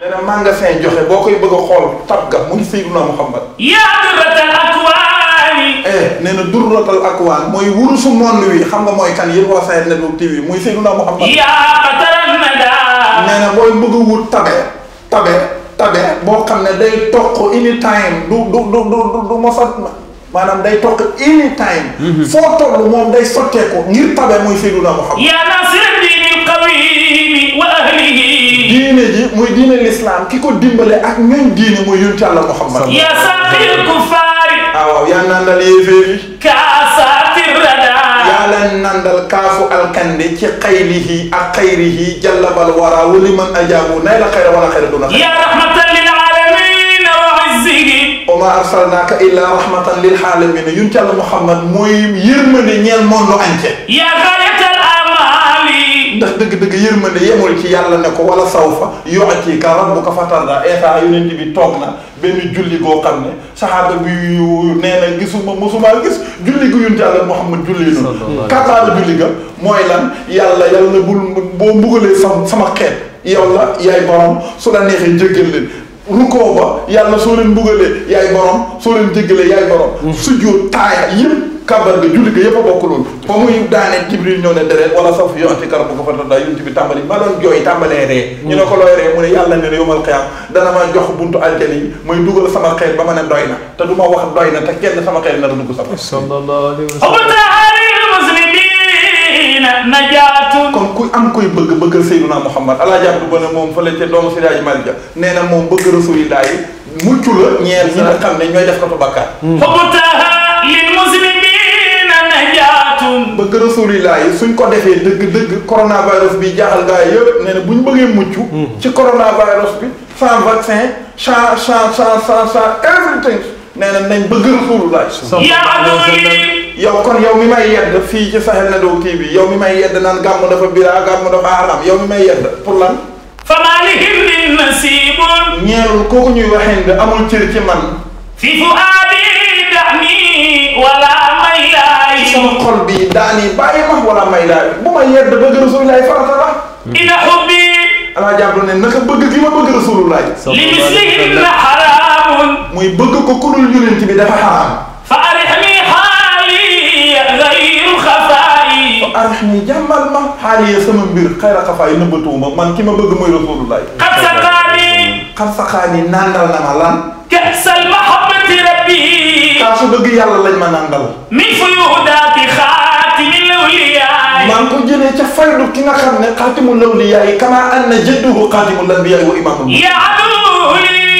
nee na magasin joxe boo koy bëgg a xool tab ga mu ngi Seydina Muhammad. yaa eh, durratal akwaan. mooy wurusu monde wi xam nga mooy kan yëpp waa Sahel Network TV muy Seydina Muhammad. yaa qataran nadaa. nee na booy bëgg a wut tabe boo xam ne day toq any time du du du du du mosat maanaam day toq any time. Mhm. foo day sotteeku ngir tabe muy Seydina Muhammad. yaa naasira diini qawiimi wa diine ji muy diine l'islam ki ko dimbale ak ñoom diine mooy yonent Yàlla Muhammad. ya saqil kufaari. ah waaw yaa nandal yéeféer yi. kaasaati rada. yaa leen nandal kaafu alkande ci xaylihi ak xayrihi jallabal wara wali man ajaabu nay la xayra wala xayra duna. yaa rahmatan lil alamin wa izzihi. wama arsalnaaka illaa rahmatan lil alamin yonent Yàlla Muhammad mooy yërmande ñeel monde entier. ndax dëgg-dëgg yërmande yemul ci yàlla ne ko wala saw fa yu'ti ka rabbuka fatarda eetaa yonent bi toog na benn julli goo xam ne saxaaba bi nee na gisuma mosumaa gis julli gu yonent yàlla Muhammad julli noonu kataana julli ga mooy lan yàlla yàlla bul boo mbugalee sam sama xeet yow la yaay borom su la neexee jéggal leen rukoo ba yàlla soo leen mbugalee yaay borom soo leen jéggalee yaay borom sujjóot taaya yëpp kàbbar ga julli ga yëpp a bokk loolu fa muy daane jibril ñëw ne deret wala saf yo anti kar bu ko fa daa yunti bi tàmbali ma doon jooy tàmbalee ree ñu ne ko looy ree mu ne yàlla ne yowmal xiyaam ma jox buntu aljana yi mooy ba ma ne doy na te du ma wax doy na te kenn sama xeet na dugg sama sallallahu alayhi wa sallam najaatu kon ku am koy bëgg bëggal Seydina Muhammad alaa jàpp ba ne moom fële ca doomu Seydi Malick nee na moom bëgg rasulillah yi mucc la ñeer ñi nga xam ne ñooy def ko fa bakkaar xayaatun bëgg rasulillah yi suñ ko defee dëgg-dëgg coronavirus bi jaaxal gaa yi yëpp nee na bu ñu bëggee mucc hmm. ci coronavirus bi sans vaccin sans sans sans sans sans everything nee na nañ bëgg rasulillah yi yow kon yow mi may yedd fii ci Sahel na doo kii bi yow mi may yedd naan gàmm dafa biraa gàmm dafa haram yow mi may yedd pour lan famalihim min nasibun ñeerul kooku ñuy waxee amul cër ci man ولا ميلاي سما قلبي داني بايما ولا ميلاي بما يرد بغ رسول الله فرا ترى الى حبي انا جابر ني نك بغ كيما بغ رسول الله لمثله حرام موي بغ كو كودول يونتي بي دافا حرام فارحمي حالي غير خفائي فارحمي جمال ما حالي سما مبير خير خفائي نبتوما من كيما بغ موي رسول الله قد سقاني قد سقاني نانرا لما لان كحسل ما nabi. saa su bëgg yàlla lañ ma nandal. mi fuyudaati xaatimil awliyaa. maa ngi ko jëlee ca faydu ki nga xam ne xaatimul awliyaa yi kamaa anna jadduhu xaatimul anbiyaa wa imaamul.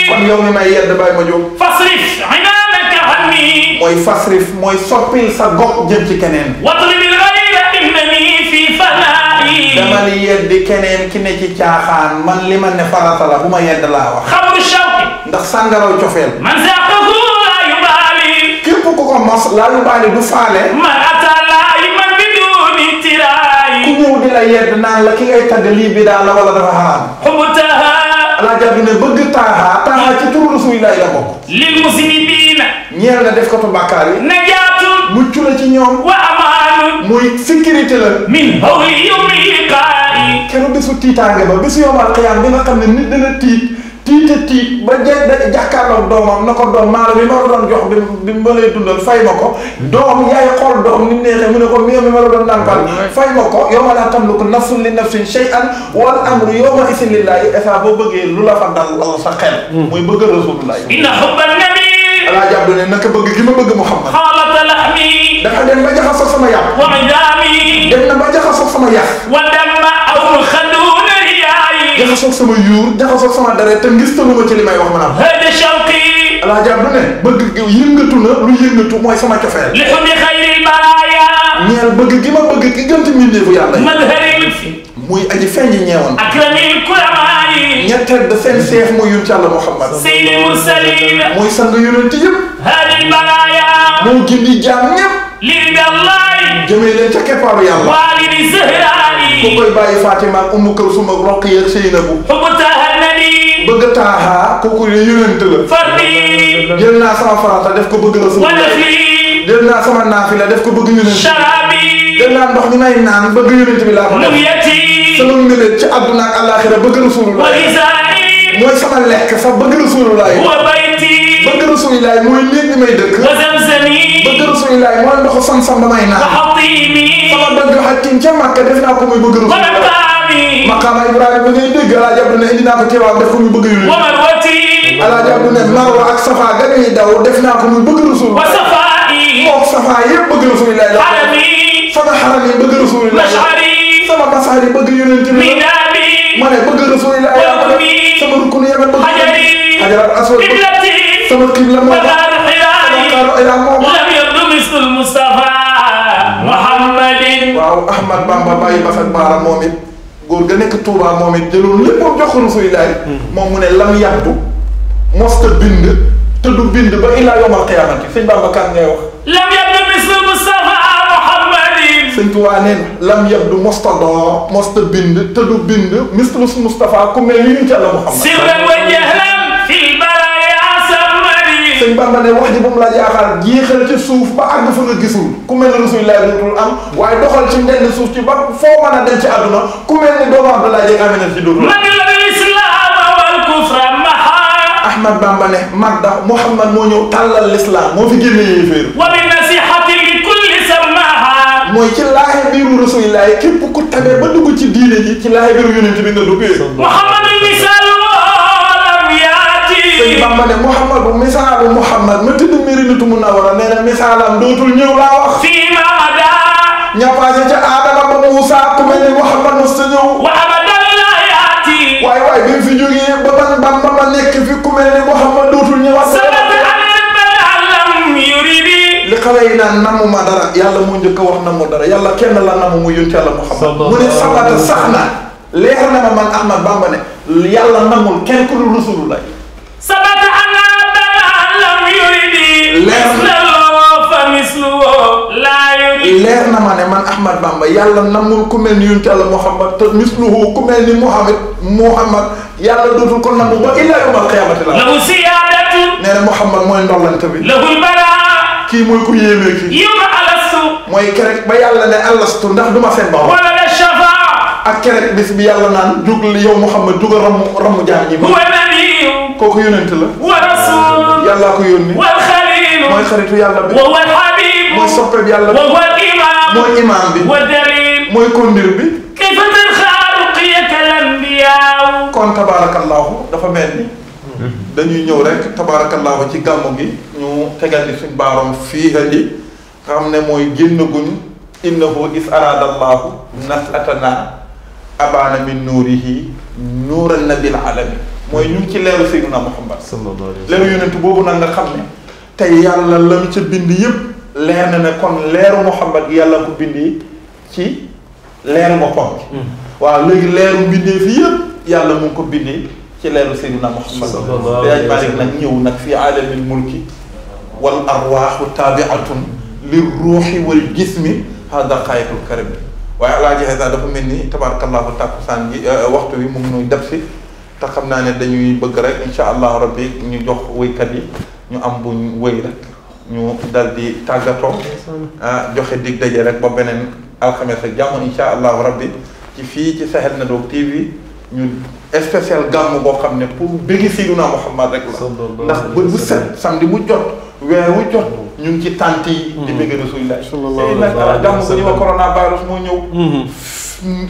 kon yow mi may yedd bàyyi ma jóg. fasrif inaanaka anni. mooy fasrif mooy soppil sa gox jëm ci keneen. watlubil ghayra innanii fii fanaa'i. dama li yeddi keneen ki ne ci caaxaan man li ma ne farata la bu ma yedd laa wax. xamru shawqi. ndax sàngaraw cofeel. man ko mas laalu baali du faale. man atalaay man bi duuni tiraay. ku ñëw di la yedd naan la ki ngay tagg lii bi daal la wala dafa xaraam. xubu taaha. alaaja bi ne bëgg taaha taaha ci turu Rasulillah la bokk. lil muslimiina. ñeel na def ko tu bàkkaar yi. najaatun. mucc la ci ñoom. wa muy sécurité la. min hawli yawmi liqaa'i. keroog bésu tiitaange ba bésu yawmal qiyaam bi nga xam ne nit dana tiit. tiita tiit ba jë jàkkaarloog doomam na ko doom maalo bi ma la doon jox bi bi ma lay dundal fay ma ko doom yaay xool doom ni mu neexee mu ne ko mio mi ma la doon nàmpal fay ma ko yow ma laa tamliku nafsun li nafsin shay'an wal amru yawma idhin lillahi esa boo bëggee lu la fa dal sa xel muy hmm. bëgg rasulullah inna hubban nabi alaa jàpp ne naka bëgg gi ma bëgg Muhammad xaalata lahmi dafa dem ba jaxasoo sama yàpp wa idaami dem na ba jaxasoo sama yàpp wa damma jaxasoog sama yuur jaxasoog sama deret te ngis taluma ci li may wax maanaam hada shawqi alaa jab du ne bëgg yëngatu na lu yëngatu mooy sama cofeel li xumi xayril baraaya ñeel bëgg gi ma bëgg gi gën ci mbindeefu yàlla muy aji feeñ ñeewoon akramil kuraamaani ñetteel da seen seef muy yun ci àlla muhammad sayyidil mursalin mooy sang yonent yëpp hadil baraaya moo gindi jaam ñëpp li dallaay jëmee leen ca keppaaru yàlla waali di zahra ku koy bàyyi Fatima ak Umu Kulsum ak Roqiya ak Seynabu bëgg taaxaa kooku ne yonent la jël naa sama farata def ko bëgg Rasul jël naa sama naafila def ko bëgg yonent jël naa ndox mi may naan bëgg yonent bi laa ko def sama mbir ci àdduna ak àllaaxira bëgg Rasulullah mooy sama lekk sax bëgg Rasulullah bëgg rasulilaay mooy léeg li may dëkk. wa zamzami. bëgg rasulilaay mooy ndoxu sam-sam damay naan. wa xatiimi. sama bëgg xatiim ca Makka def naa ko muy bëgg rasulilaay. wa maqaami. maqaama Ibrahima bi ngay dégg Alaaji Abdu ne indi naa ko Tiwaawan def ko muy bëgg yu. wa marwati. Alaaji Abdu ne Marwa ak Safa ga ñuy daw def naa ko muy bëgg rasulilaay. wa Safaa'i. mook Safaa yëpp bëgg rasulilaay la. xarami. sama xarami bëgg rasulilaay. masari. sama masari bëgg yonent bi hajaral aswad sama qibla moo waaw Ahmad Bamba bàyyi Basak Baara moom it góor ga nekk Touba moom it jëloon léppam jox Rasulilaay moom mu ne lam yàttu mos ta bind te du bind ba ilaa yawmal qiyaamati sëñ Bamba kan ngay wax. lam yabdu misl Mustafa Muhammadin. sëñ Tuubaa nee na lam yabdu mosta doo mosta bind te du bind misl Mustafa ku mel ni ñu ci Yàlla Muhammad sëñ Bamba ne wax ji bu mu la jaaxal jeexal ci suuf ba àgg fa nga gisul ku mel ne Rasulullah dootul am waaye doxal ci ndend suuf ci ba foo mën a dem ci àdduna ku mel ni doomu Abdallah Ahmad Bamba mag da Muhammad moo ñëw tàllal l'islam moo fi génne yéeféer mooy ci laaxe biiru Rasulullah képp ku tabee ba dugg ci diine ji ci laaxe biiru yonent bi nga duggee yi Bamba ne Muhammad bu misaalu Muhammad ma tudd Madinatu Munawwara na misaalam dootul ñëw laa wax. fii ma ada. ñappaase ca Adama ba Moussa ku mel ni Muhammad mos wa abadan la yaati. waay waay bi fi jógee ba man Bamba ma fi ku mel ni Muhammad dootul ñëw. li xale yi naan namu ma mu njëkk a wax namu dara yàlla kenn la namu mu yónni yàlla Muhammad mu ne sabata sax na leer na ma man Ahmad Bamba ne yàlla namul kenn ku dul Rasulullah leer na ma ne man Ahmad Bamba yàlla namul ku mel ni yonent Yàlla Muhammad te misluhu ku mel ni Muhammad Muhammad yàlla dootul ko nangu ba illaa yawmal qiyaamati la lahu siyaadatu nee na Muhammad mooy ndollante bi lahul bala kii mooy ku yéemee kii yow alastu mooy kerek ba yàlla ne alastu ndax du ma seen borom wala la shafa ak kerek bis bi yàlla naan jug yow Muhammad jug a ramu ramu jaam ñi kooku yonent la wa rasul yàllaa ko yónni mooy xaritu yàlla bi wa wal habib mooy soppe bi yàlla bi wa wal imam mooy imam bi wa dalil mooy kondir bi kayfa tan xaaruqiyat al anbiya kon tabarakallahu dafa mel ni dañuy ñëw rek tabarakallahu ci gàmmu gi ñu tegal ni suñ baaroom fii li nga xam ne mooy génnaguñ innahu is arada allahu naslatana abana min nuurihi nuuran nabil alamin mooy ñu ngi ci leeru sayyidina muhammad sallallahu alayhi wa sallam leeru yonent boobu nag nga xam ne te yàlla lam ca bind yépp leer na ne kon leeru Muhammad yàlla ko bindee ci leeru boppam waaw léegi leeru bindee fi yépp yàlla mu ngi ko bindee ci leeru Seydina Muhammad yaay Malick nag ñëw nag fi alamil mulki wal arwaaxu taabiatun li ruuxi wal jismi hada xaayatul karim waaye alaaji xesa dafa mel ni tabarakallahu tàkkusaan gi waxtu wi mu ngi nuy def si te xam naa ne dañuy bëgg rek incha allah rabbi ñu jox waykat yi ñu am bu ñu wëy rek ñu dal di tàggatoo ah joxe dig daje rek ba beneen alxames ak jàmm insha allahu rabbi ci fii ci Sahel Network TV ñu spécial gàmm boo xam ne pour bëgg Seydina Muhammad rek la ndax bët bu set samedi bu jot weer wu jot ñu ngi ci tànt yi di bëgg Rasulullah tey nag gàmm bu ñu ma coronavirus moo ñëw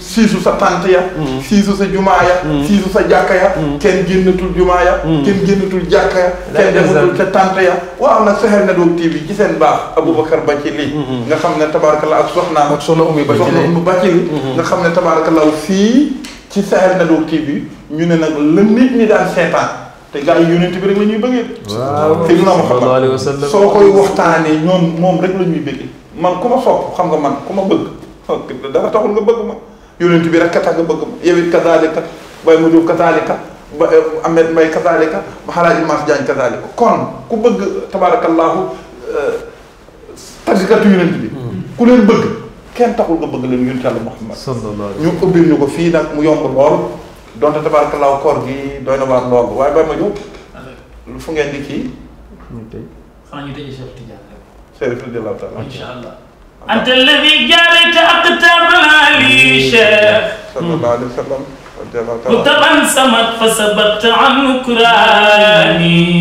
siisu sa tant ya mm. siisu sa jumaa ya mm. siisu sa jàkka ya mm. kenn génnatul jumaa ya kenn génnatul jàkka ya kenn dematul sa tant ya waaw nag Sahel Network TV ci seen baax mm-hmm. nga xam ne tabaarakallah ak soxnaam soxna Oumy Bathily soxna Oumy mm-hmm. nga xam ne tabaarakallah fii ci Sahel Network TV ñu ne nag la nit ñi daan seetaan te gars yi yonent bi rek la ñuy bëggee. waaw te ma soo koy waxtaanee ñoom moom rek la ñuy bëggee man ku ma sopp xam nga man ku ma bëgg. dara taxul nga bëgg ma yonent bi rek kata nga bëgg ma yow it kazaalika Baye Modou kazaalika ba Ahmed Mbaye kazaalika Alaaji Maas Jaañ kazaalika kon ku bëgg tabaarakallaahu tàggatu yonent bi ku leen bëgg kenn taxul nga bëgg leen yonent yàlla Muhammad ñu ubbil ñu ko fii nag mu yomb lool donte tabaarakallaahu koor gi doy na waar lool waaye Baye Modou lu fu ngeen di kii xanaa ñu tëjee Cheikh Tidiane rek Cheikh Tidiane incha allah أنت الذي جعلت أقتاب العلي شيخ صلى الله عليه وسلم متبا سمت فسبت عن نكراني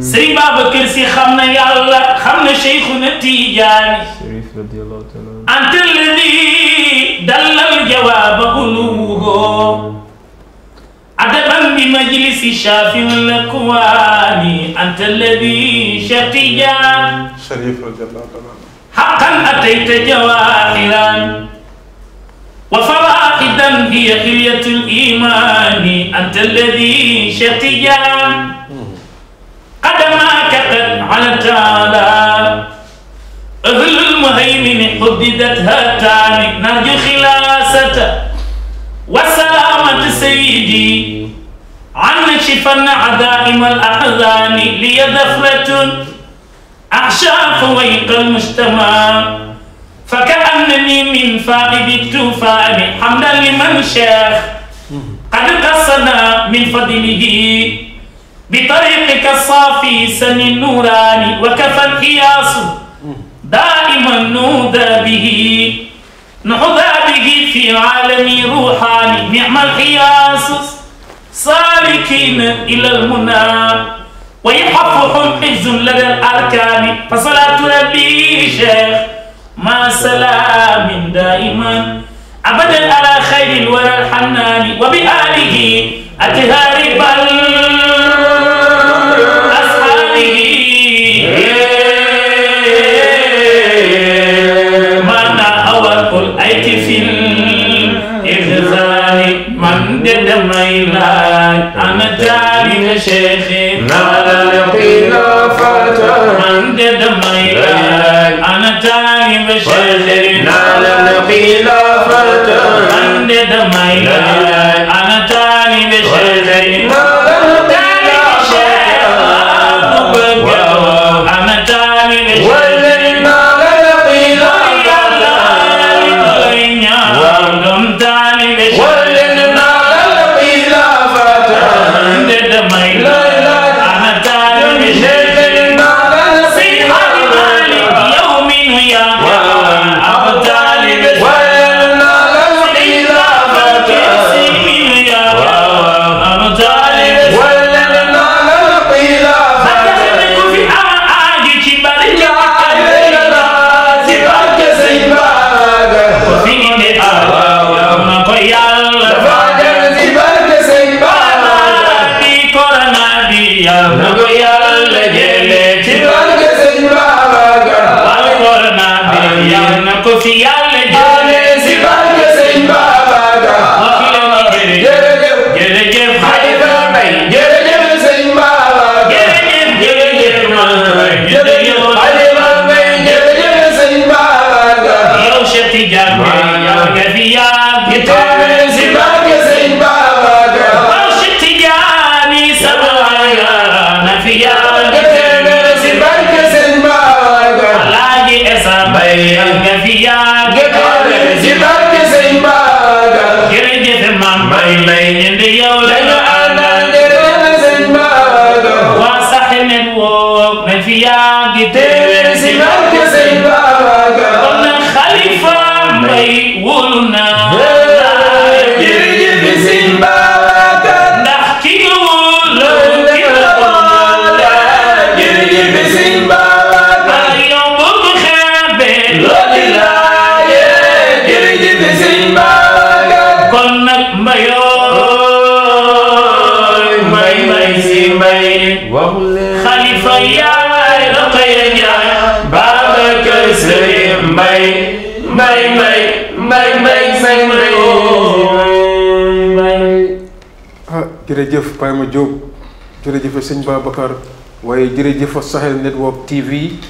سي بابا كرسي خمنا يا الله خمنا شيخ نتيجاني شريف رضي الله تعالى أنت الذي دل الجواب قلوبه أدبا بمجلس شاف الأكوان أنت الذي شقيان شريف رضي الله تعالى حقا أتيت جواهرا وفرائدا هي خلية الإيمان أنت الذي شتيا قدماك قد على تعالى أهل المهيمن حددت هاتان نرجو خلاصة وسلامة سيدي عن شفا عدائم الأحزان لي ذفرة أخشى فويق المجتمع فكأنني من فائد التوفان حمدا لمن شيخ قد قصنا من فضله بطريقك الصافي سن النوران وكفى القياس دائما نودى به نحظى به في عالم روحاني نعم القياس سالكين إلى المنام ويحفظهم حفظ لدى الأركان فصلاة ربي شيخ ما سلام دائما أبدا على خير الورى الحنان وبآله أتهار بل من دد ميلاد أنا يا شيخي Under the mind, I'm a time of shelter. Now let me love her. the mind, téere si barke sëñ Babacar kon nag Xalifa Mbaye wóolu naa jërëjëf Baye Ma Diop jërëjëf sëñ Babacar waaye jërëjëf Sahel Network TV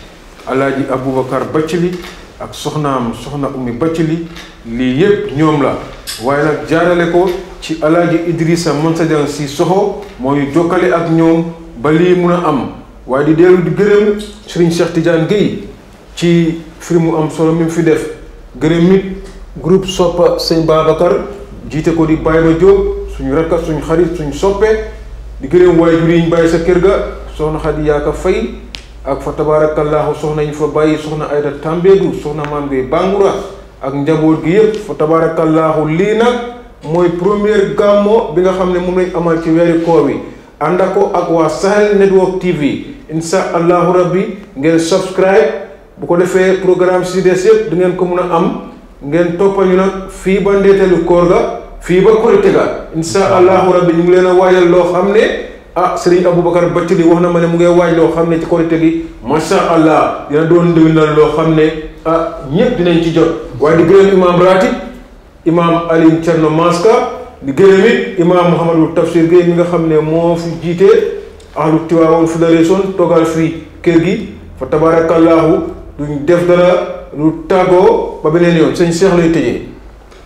alaaji Aboubacar Bathily ak soxnaam soxna Oumy Bathily lii yëpp ñoom la waaye nag jaarale ko ci alaaji Idrissa Montagne si soxo moo ñu jokkale ak ñoom ba lii mun a am waaye di dellu di gërëm Serigne Cheikh Tidiane Gueye ci firi mu am solo mi mu fi def gërëm it groupe soppa sëñ Babacar jiite ko di Baye Ma Diop suñu rakkat suñu xarit suñu soppe di gërëm waajur yi ñu bàyyi sa kër ga soxna Xadi yaa ko fay ak fa tabaarakallaahu soxna yi fa bàyyi soxna Ayda Tambédou soxna maam Gueye Bangoura ak njaboot gi yëpp fa tabaarakallaahu lii nag mooy première gàmmo bi nga xam ne moom lañ amal ci weeri koor wi ànd ko ak waa Sahel Network TV insha allahu rabbi ngeen subscribe bu ko defee programme si des yëpp di ngeen ko mun a am ngeen yu nag fii ba ndeetalu koor ga fii ba korite ga insha allahu rabbi ñu ngi leen a waajal loo xam ne ah sëriñ Aboubacar Bathily wax na ma ne mu ngi waaj loo xam ne ci korite gi macha allah dina doon ndëwinal loo xam ne ah ñëpp dinañ ci jot waaye di gërëm imaam ratib imaam Alioune Thierno Maska di gërëm it imaam Mouhamadou Tafsir Gueye mi nga xam ne moo fi jiite ahlu Tiwaawoon fu la reesoon fii kër gi fa tabarakallahu duñ def dara lu tàggoo ba beneen yoon sëñ Cheikh lay tëjee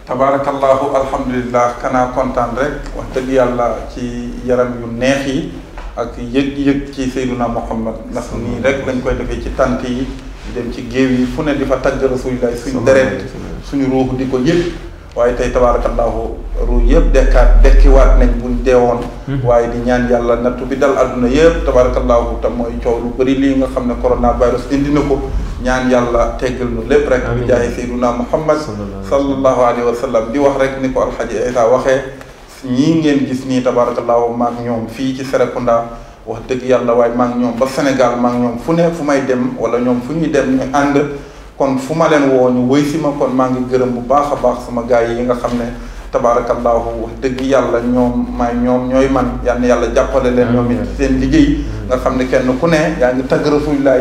tabaarakallaahu alhamdulilah kanaa kontaan rek wax dëgg yàlla ci yaram yu neex yi ak yëg-yëg ci Seyduna Muhammad ndax nii rek lañ koy defee ci tant yi dem ci géew yi fu ne di fa tagg rasulillah suñu deret suñu ruux di ko yëpp waaye tey tabaarakallaahu ruux yëpp dekkaat dekkiwaat nañ buñ deewoon hmm. waaye di ñaan yàlla nattu bi dal àdduna yëpp tabaarakallaahu tam mooy coow lu bëri lii nga xam ne coronavirus indi na ko ñaan yàlla teggal nu lépp rek bi jaaye sayduna muhammad sallallahu alayhi wa sallam di wax rek ni ko alxaji isa waxee ñii ngeen gis nii tabarakallahu maak ñoom fii ci Serekunda wax dëgg yàlla waaye maak ñoom ba Sénégal maak ñoom fu ne fu may dem wala ñoom fu ñuy dem ñu ànd kon fu ma leen woo ñu wëy si ma kon maa ngi gërëm bu baax a baax sama gars yi nga xam ne tabaarakallaahu wax dëgg yàlla ñoom may ñoom ñooy man yal yàlla jàppale leen ñoom it seen liggéey nga xam ne kenn ku ne yaa ngi tagg rasulilaay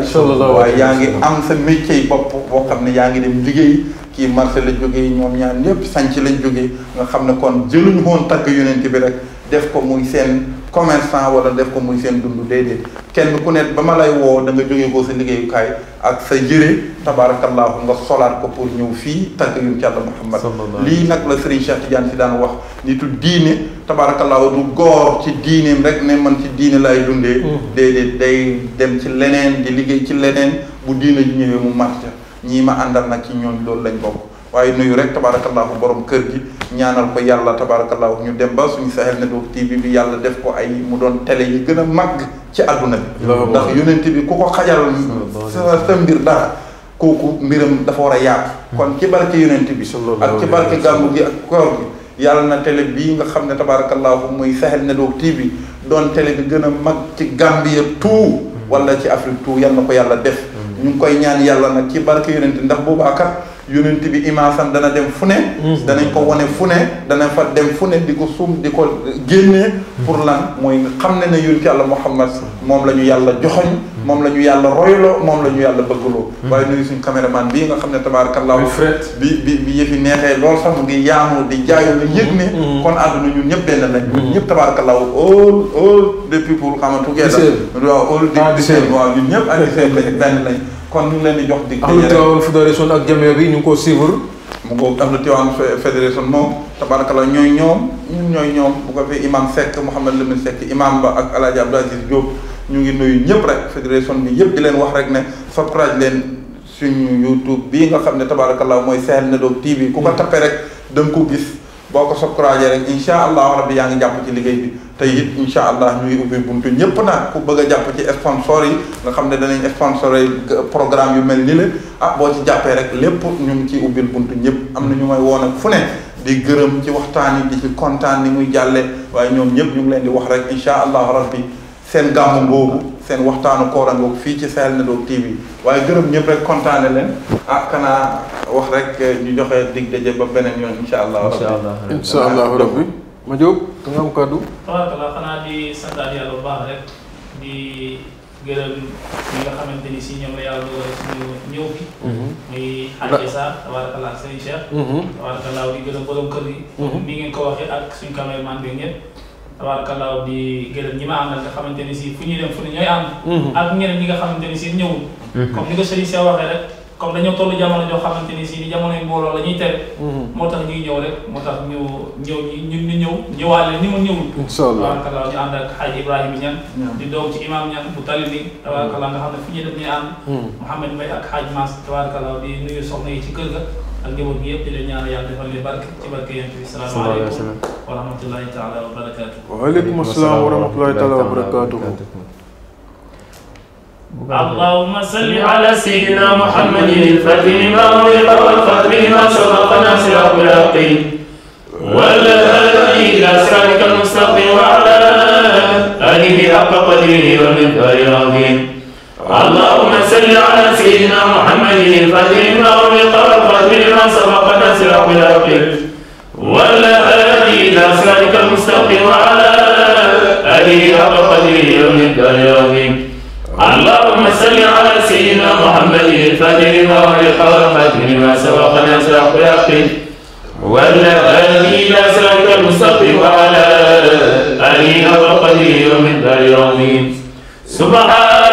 waaye yaa ngi am sa métier bopp boo xam ne yaa ngi dem liggéey kii marché la jógee ñoom ñaan ñëpp sanc lañ jógee nga xam ne kon jëluñu woon tagg yonent bi rek def ko muy seen commerçant wala def ko muy seen dund déedéet kenn ku nekk ba ma lay woo da nga jóge ko sa liggéeyukaay ak sa yëre tabaarakallaahu nga solaat ko pour ñëw fii tàgg yu ci Yàlla Muhammad lii nag la Serigne Cheikh Tidiane si daan wax nitu diine tabaarakallaahu du góor ci diineem rek ne man ci diine lay dundee mm. déedéet day dem ci leneen di liggéey ci leneen bu diine ji ñëwee mu marca ñii ma àndal nag ci ñoom loolu lañ bokk waaye nuyu rek tabaarakallaahu borom kër gi ñaanal ko yàlla tabarakallahu ñu dem ba suñu Sahel Network TV bi yàlla def ko ay mu doon télé yi gën a màgg ci àdduna bi ndax yonent bi ku ko xajaral sa sa mbir dara kooku mbiram dafa war a yaatu hmm. kon ci barke yonent bi ak ci barke gàmmu gi ak koor yàlla na tele bii nga xam ne tabarakallahu muy Sahel Network TV doon télé bi gën a mag ci Gambia tout hmm. wala ci Afrique tout yal na ko yàlla def hmm. ñu ngi koy ñaan yàlla nag ci barke yonent ndax boobaa kat yonent bi imaasam dana dem fu ne mm. danañ ko wane fu ne dana fa dem fu ne di ko suum di ko génnee pour lan mooy xam ne ne yonent yàlla Muhammad moom lañu yàlla joxoñ moom la ñu yàlla royloo moom la ñu yàlla bëggaloo mm. waaye nuyu suñ caméraman bii nga xam ne tabaarakallaahu bi bi bi yëfi neexee lool sax mu ngi yaamu di jaayo lu yëg ne mm. kon àdduna ñu ñëpp benn lañ ñun ñëpp tabaarakallaahu all all the people xamatu geeda waaw all di ah, waaw ñun ñëpp ak ah, benn lañ kon ñu ngi leen di jox dig. ahlu Tivaouane fédération ak Jamia bi ñu ngi koo suivre. mu ngoog ahlu Tivaouane fédération moom tabaarakalla ñooy ñoom ñun ñooy ñoom bu ko fi imam Seck Mouhamed Lamine Seck imam ba ak El Hadj Abdou Aziz Diop ñu ngi nuyu ñëpp rek fédération bi yëpp di leen wax rek ne subscribe leen suñu YouTube bii nga xam ne tabaarakalla mooy Sahel Ndao TV ku ko mm. tappee rek da nga ko gis. boo ko socroiser rek incha allah rabbi yaa ngi jàpp ci liggéey bi te it incha allah ñuy ubbi buntu ñëpp nag ku bëgg a jàpp ci sponsor yi nga xam ne danañ sponsoré programme yu mel ni la ah boo ci jàppee rek lépp ñu ngi ciy ubbil buntu ñëpp am na ñu may woon ak fu ne di gërëm ci waxtaan yi di ci kontaan ni muy jàlle waaye ñoom ñëpp ñu ngi leen di wax rek incha allah rabbi seen gàmmu boobu seen waxtaanu koorangoog fii ci Sahel na TV waaye gërëm ñëpp rek kontaane leen ak ah, kanaa wax rek eh, ñu joxe dig daje ba beneen yoon insha allah rabbi insha allah rabbi ma jóob da nga am kaddu tabarakalla xanaa di santaat yàlla bu baax rek di gërëm ñi nga xamante ni si ñoom la yàlla dogal suñu ñëw fi mhm. muy xaaje sa tabarakalla sëriñ cheikh mhm. tabarakalla di gërëm borom kër yi mi mhm. ngeen ko waxee ak suñ cameraman bi ñëpp tabarkalaaw di gërëm ñi ma àndal nga xamante ni si fu ñuy dem fu ne ñooy ànd mhm. ak ñeneen ñi nga xamante ni si ñëwul mhm. comme ni ko sëriñ Seex waxee rek comme dañoo toll jamono joo xamante ni si ni jamono yi mbooloo la ñuy tere mhm. moo tax ñuy ñëw rek moo tax ñu ñëw ñu ñu ñëw ñëwaale ni mu ñëwul tabarkalaaw ñu ànd ak Hadj Ibrahima Niang di doom ci imam Niang bu tali bi tabarkalaaw nga xam ne fu ñuy dem ñuy ànd Mouhamed Mbaye ak Hadj Mass tabarkalaaw di nuyu soxna yi ci kër ga وعليكم السلام ورحمه الله تعالى وبركاته اللهم صل على سيدنا محمد الفتح ما ولد والفتح ما سبق ناصر اخلاقي والذي الى سالك المستقيم وعلى اله حق قدره ومن خير عظيم اللهم صل على سيدنا محمد الفاتح لما أغلق والخاتم لما سبق نسره إلى ربك ولا هادي إلى صراطك المستقيم وعلى آله حق قدره ومقداره العظيم اللهم صل على سيدنا محمد الفاتح لما أغلق والخاتم لما سبق نسره إلى ربك ولا هادي إلى صراطك المستقيم وعلى آله حق قدره ومقداره العظيم سبحان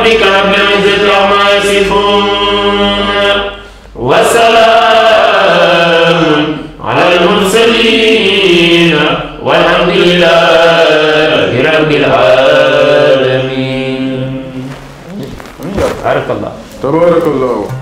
ربك رب العزة عما يصفون وسلام على المرسلين والحمد لله رب العالمين بارك الله تبارك الله